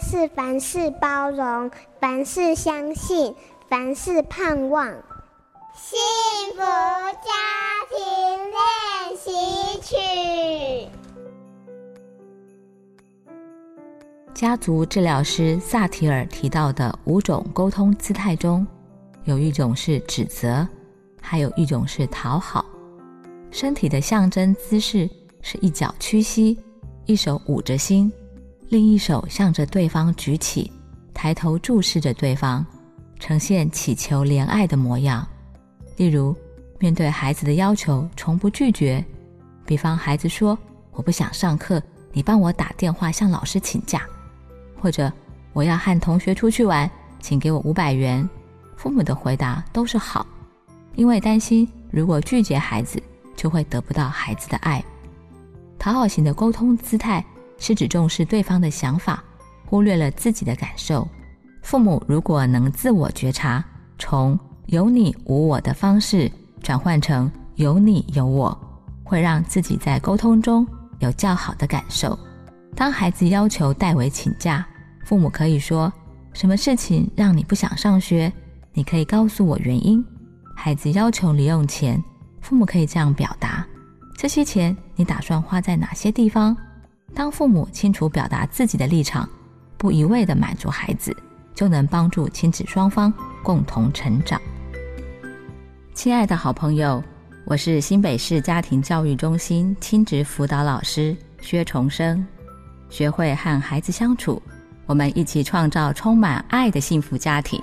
是凡事包容，凡事相信，凡事盼望。幸福家庭練習曲。家族治療師薩提爾提到的五種溝通姿態中，有一種是指責，還有一種是討好。身體的象徵姿勢是一腳屈膝，一手捂着心。另一手向着對方舉起，抬頭注視着對方，呈現乞求憐愛的模樣。例如，面對孩子的要求，從不拒絕。比方，孩子說：“我不想上課，你幫我打電話向老師請假。”或者：“我要和同學出去玩，請給我五百元。”父母的回答都是“好”，因為擔心如果拒絕孩子，就會得不到孩子的愛。討好型的溝通姿態。是指重視對方的想法，忽略了自己的感受。父母如果能自我覺察，從有你無我的方式轉換成有你有我，會讓自己在溝通中有較好的感受。當孩子要求代為請假，父母可以說：“什麼事情讓你不想上學？你可以告訴我原因。”孩子要求零用錢，父母可以這樣表達：“這些錢你打算花在哪些地方？”當父母清楚表達自己的立場，不一味的滿足孩子，就能幫助親子雙方共同成長。親愛的好朋友，我是新北市家庭教育中心親職輔導老師薛重生，學會和孩子相處，我們一起創造充滿愛的幸福家庭。